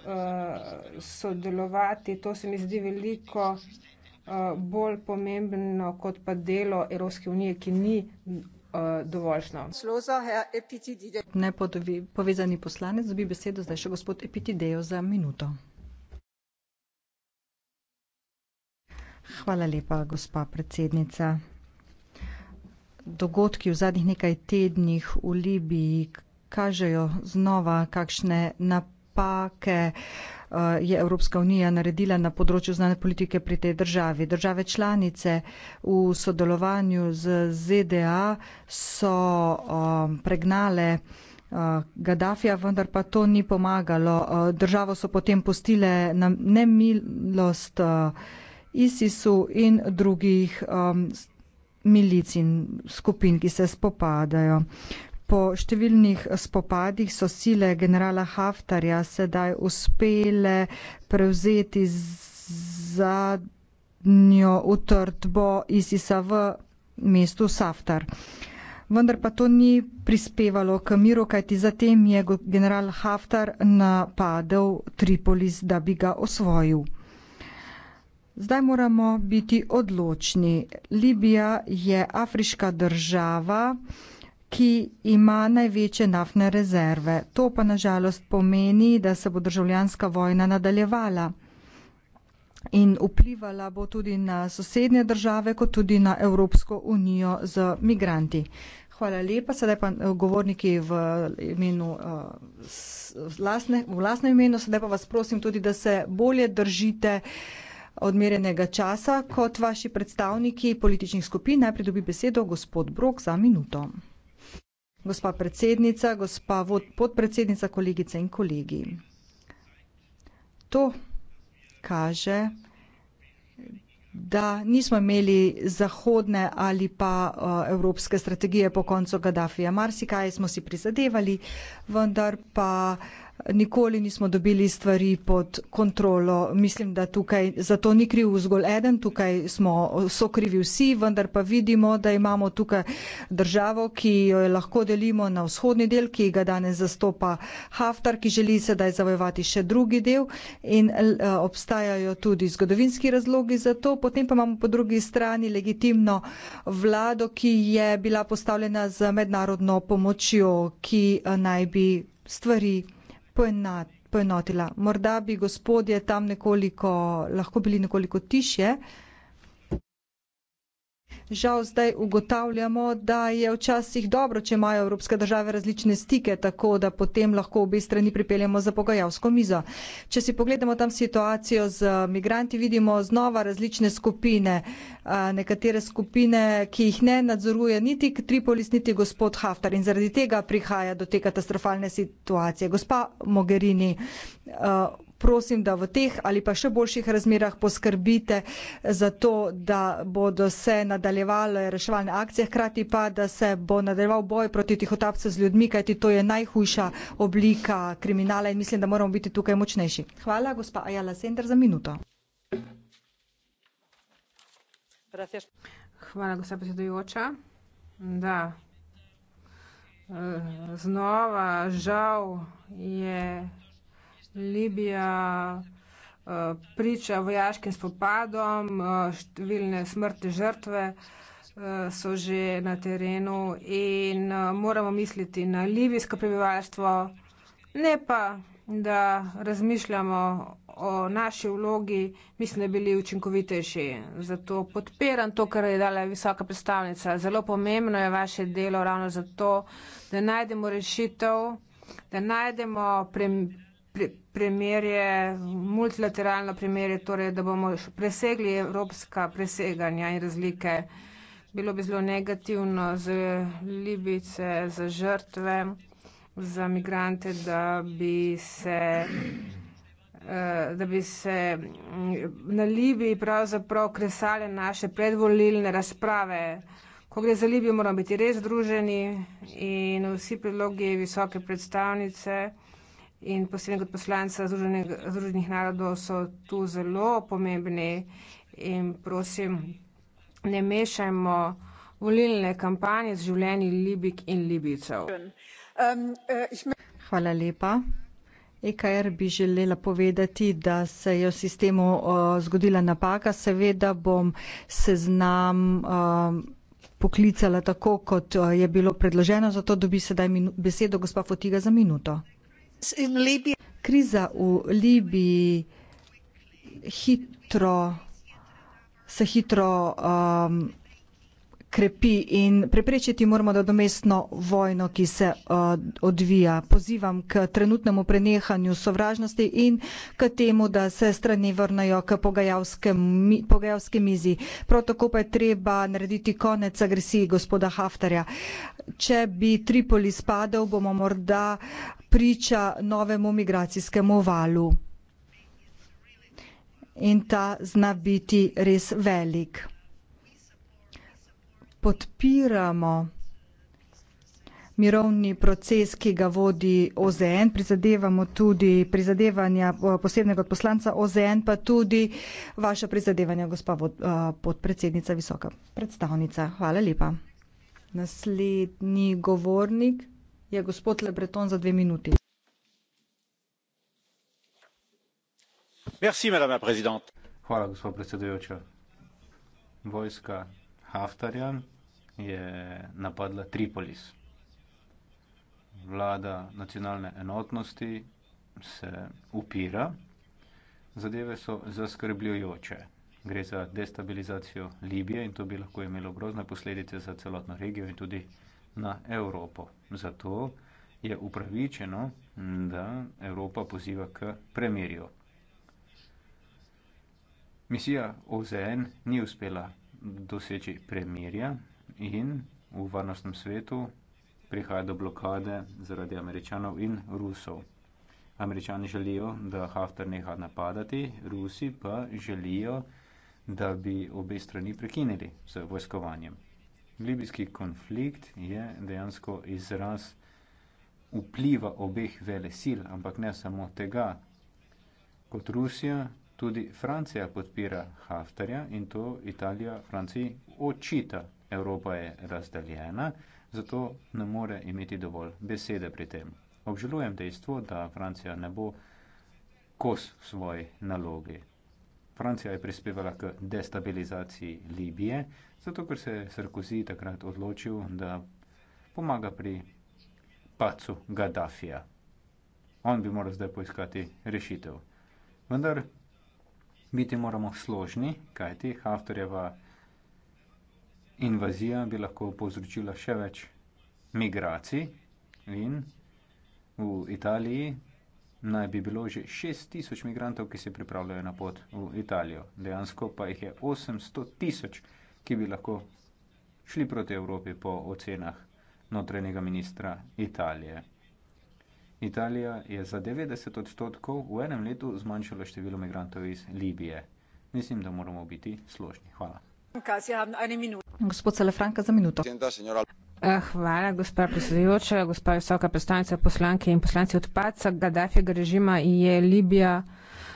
eh, sodelovati. To se mi zdi veliko eh, bolj pomembno kot pa delo Evropske unije, ki ni dovoljšno. Nepovezani poslanec dobi besedo zdaj še gospod Epitidejo za minuto. Hvala lepa, gospa predsednica dogodki v zadnjih nekaj tednih v Libiji kažejo znova, kakšne napake eh, je Evropska unija naredila na področju znane politike pri tej državi. Države članice v sodelovanju z ZDA so eh, pregnale eh, Gaddafija, vendar pa to ni pomagalo. Državo so potem pustile na nemilost ISIS-u in drugih strankov milic in skupin, ki se spopadajo. Po številnih spopadih so sile generala Haftarja sedaj uspele prevzeti zadnjo utrdbo ISIS-a v mestu Saftar. Vendar pa to ni prispevalo k miru, kajti zatem je general Haftar napadel Tripolis, da bi ga osvojil. Zdaj moramo biti odločni. Libija je afriška država, ki ima največje naftne rezerve. To pa nažalost pomeni, da se bo državljanska vojna nadaljevala in vplivala bo tudi na sosednje države, kot tudi na Evropsko unijo z migranti. Hvala lepa, sedaj pa eh, govorniki v imenu, eh, v lasnem imenu, sedaj pa vas prosim tudi, da se bolje držite odmerenega časa kot vaši predstavniki političnih skupin. Najprej dobi besedo gospod Brok za minuto. Gospa predsednica, gospa podpredsednica, kolegice in kolegi. To kaže, da nismo imeli zahodne ali pa uh, evropske strategije po koncu Gaddafija. Marsikaj smo si prizadevali, vendar pa uh, nikoli nismo dobili stvari pod kontrolo. Mislim, da tukaj za to ni kriv zgolj eden, tukaj smo, so krivi vsi, vendar pa vidimo, da imamo tukaj državo, ki jo lahko delimo na vzhodni del, ki ga danes zastopa Haftar, ki želi sedaj zavojevati še drugi del in eh, obstajajo tudi zgodovinski razlogi za to. Potem pa imamo po drugi strani legitimno vlado, ki je bila postavljena z mednarodno pomočjo, ki eh, naj bi stvari poenotila. Morda bi gospodje tam nekoliko, lahko bili nekoliko tišje. Žal zdaj ugotavljamo, da je včasih dobro, če imajo evropske države različne stike, tako da potem lahko obe strani pripeljamo za pogajalsko mizo. Če si pogledamo tam situacijo z migranti, vidimo znova različne skupine, nekatere skupine, ki jih ne nadzoruje niti Tripolis, niti gospod Haftar in zaradi tega prihaja do te katastrofalne situacije. Gospa Mogherini, prosim, da v teh ali pa še boljših razmerah poskrbite za to, da bodo se nadaljevale reševalne akcije, hkrati pa, da se bo nadaljeval boj proti tihotapcem z ljudmi, kajti to je najhujša oblika kriminala in mislim, da moramo biti tukaj močnejši. Hvala, gospa Ajala Sender, za minuto. Hvala, gospa predsedujoča. Da, eh, znova žal je Libija eh, priča vojaškim spopadom, eh, številne smrte žrtve eh, so že na terenu in moramo misliti na libijsko prebivalstvo, ne pa, da razmišljamo o naši vlogi, mislim, da bili učinkovitejši. Zato podpiram to, kar je dala visoka predstavnica. Zelo pomembno je vaše delo ravno zato, da najdemo rešitev, da najdemo premijer premjere, multilateralno premjere, torej da bomo presegli evropska preseganja in razlike. Bilo bi zelo negativno za Libice, za žrtve, za migrante, da bi se eh, da bi se mm, na Libiji pravzaprav kresale naše predvolilne razprave. Ko gre za Libijo, moramo biti res združeni in vsi predlogi visoke predstavnice in posebej kot poslanca Združenih narodov so tu zelo pomembni in prosim, ne mešajmo volilne kampanje z življenji Libik in Libijcev. Um, uh, Hvala lepa. EKR er bi želela povedati, da se je v sistemu uh, zgodila napaka. Seveda bom seznam um, poklicala tako, kot uh, je bilo predloženo, zato dobi sedaj besedo gospa Fotiga za minuto. Kriza v Libiji hitro, se hitro um, krepi in preprečiti moramo nadomestno vojno, ki se uh, odvija. Pozivam k trenutnemu prenehanju sovražnosti in k temu, da se strani vrnajo k pogajalski mizi. Prav tako pa je treba narediti konec agresiji gospoda Haftarja. Če bi Tripoli spadal, bomo morda uh, priča novemu migracijskemu valu. In ta zna biti res velik. Podpiramo mirovni proces, ki ga vodi OZN, prizadevamo tudi prizadevanja eh, posebnega odposlanca OZN, pa tudi vaša prizadevanja, gospa eh, podpredsednica, visoka predstavnica. Hvala lepa. Naslednji govornik je gospod Le Breton za dve minuti. Hvala, gospa predsedujoča. Vojska Haftarja je napadla Tripolis. Vlada nacionalne enotnosti se upira. Zadeve so zaskrbljujoče. Gre za destabilizacijo Libije in to bi lahko imelo grozne posledice za celotno regijo in tudi na Evropo. Zato je upravičeno, da Evropa poziva k premirju. Misija OZN ni uspela doseči premirja in v varnostnem svetu prihaja do blokade zaradi američanov in rusov. Američani želijo, da Haftar neha napadati, Rusi pa želijo, da bi obe strani prekinili z vojskovanjem libijski konflikt je dejansko izraz vpliva obeh velesil ampak ne samo tega kot rusija tudi francija podpira haftarja in to italija franciji očita evropa je razdeljena zato ne more imeti dovolj besede pri tem obžalujem dejstvo da francija ne bo kos svoji nalogi Francija je prispevala k destabilizaciji Libije, zato ker se je Sarkozy takrat odločil, da pomaga pri pacu Gaddafija. On bi moral zdaj poiskati rešitev. Vendar biti moramo složni, kajti Haftarjeva invazija bi lahko povzročila še več migracij in v Italiji naj bi bilo že 6000 migrantov, ki se pripravljajo na pot v Italijo. Dejansko pa jih je 800 tisoč, ki bi lahko šli proti Evropi po ocenah notrenega ministra Italije. Italija je za 90 odstotkov v enem letu zmanjšala število migrantov iz Libije. Mislim, da moramo biti složni. Hvala. Ja Gospod Celefranka za minuto. Eh, hvala, gospa predsedujoča, gospa visoka predstavnica poslanke in poslanci odpadca Gaddafiega režima je Libija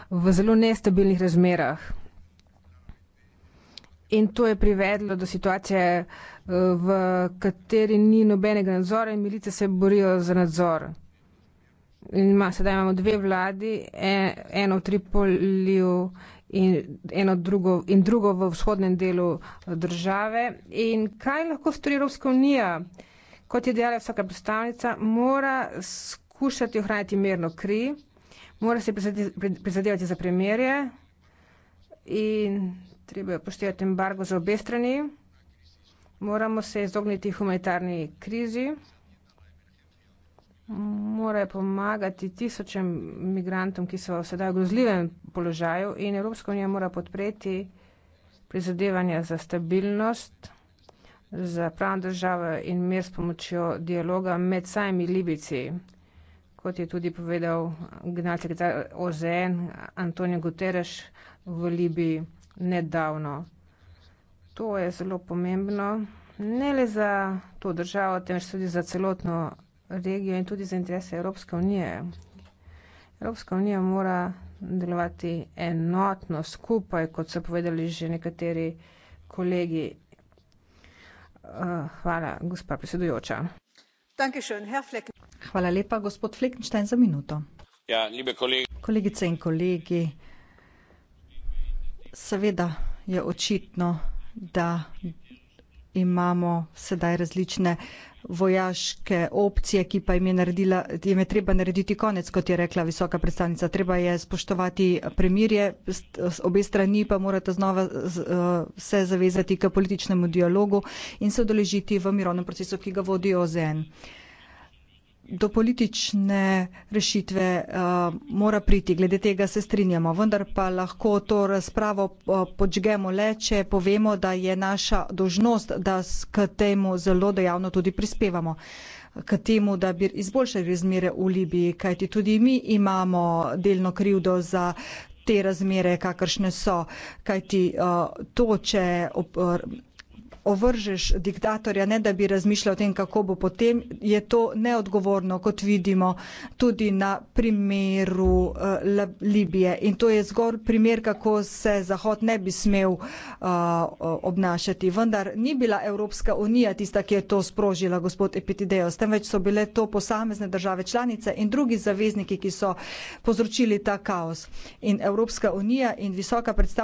v zelo nestabilnih razmerah. In to je privedlo do situacije, eh, v kateri ni nobenega nadzora in milice se borijo za nadzor. In ima, sedaj imamo dve vladi, e, eno v Tripoliju in eno drugo, in drugo v vzhodnem delu eh, države. In kaj lahko stori Evropska unija? Kot je dejala vsaka predstavnica, mora skušati ohraniti mirno kri, mora se prizadevati za premirje in treba je upoštevati embargo za obe strani. Moramo se izogniti humanitarni krizi morajo pomagati tisočem migrantom, ki so sedaj v grozljivem položaju in Evropska unija mora podpreti prizadevanja za stabilnost, za pravno državo in mir s pomočjo dialoga med samimi Libici, kot je tudi povedal generalni sekretar OZN Antonio Guterres v Libiji nedavno. To je zelo pomembno, ne le za to državo, temveč tudi za celotno regijo in tudi za interese Evropske unije. Evropska unija mora delovati enotno, skupaj, kot so povedali že nekateri kolegi. Uh, hvala, gospa predsedujoča. Hvala lepa, gospod Fleckenstein, za minuto. Ja, kolegi. Kolegice in kolegi, seveda je očitno, da imamo sedaj različne vojaške opcije, ki pa jim je, naredila, jim je treba narediti konec, kot je rekla visoka predstavnica. Treba je spoštovati premirje, obe strani pa morate znova eh, se zavezati k političnemu dialogu in se odeležiti v mirovnem procesu, ki ga vodi OZN do politične rešitve uh, mora priti, glede tega se strinjamo, vendar pa lahko to razpravo uh, eh, počgemo le, če povemo, da je naša dožnost, da k temu zelo dejavno tudi prispevamo k temu, da bi izboljšali razmere v Libiji, kajti tudi mi imamo delno krivdo za te razmere, kakršne so, kajti uh, to, če. Ob, uh, ovržeš diktatorja, ne da bi razmišljal o tem, kako bo potem, je to neodgovorno, kot vidimo tudi na primeru uh, Libije. In to je zgolj primer, kako se Zahod ne bi smel uh, obnašati. Vendar ni bila Evropska unija tista, ki je to sprožila, gospod Epitidejo, s tem več so bile to posamezne države članice in drugi zavezniki, ki so povzročili ta kaos. In Evropska unija in visoka predstavnica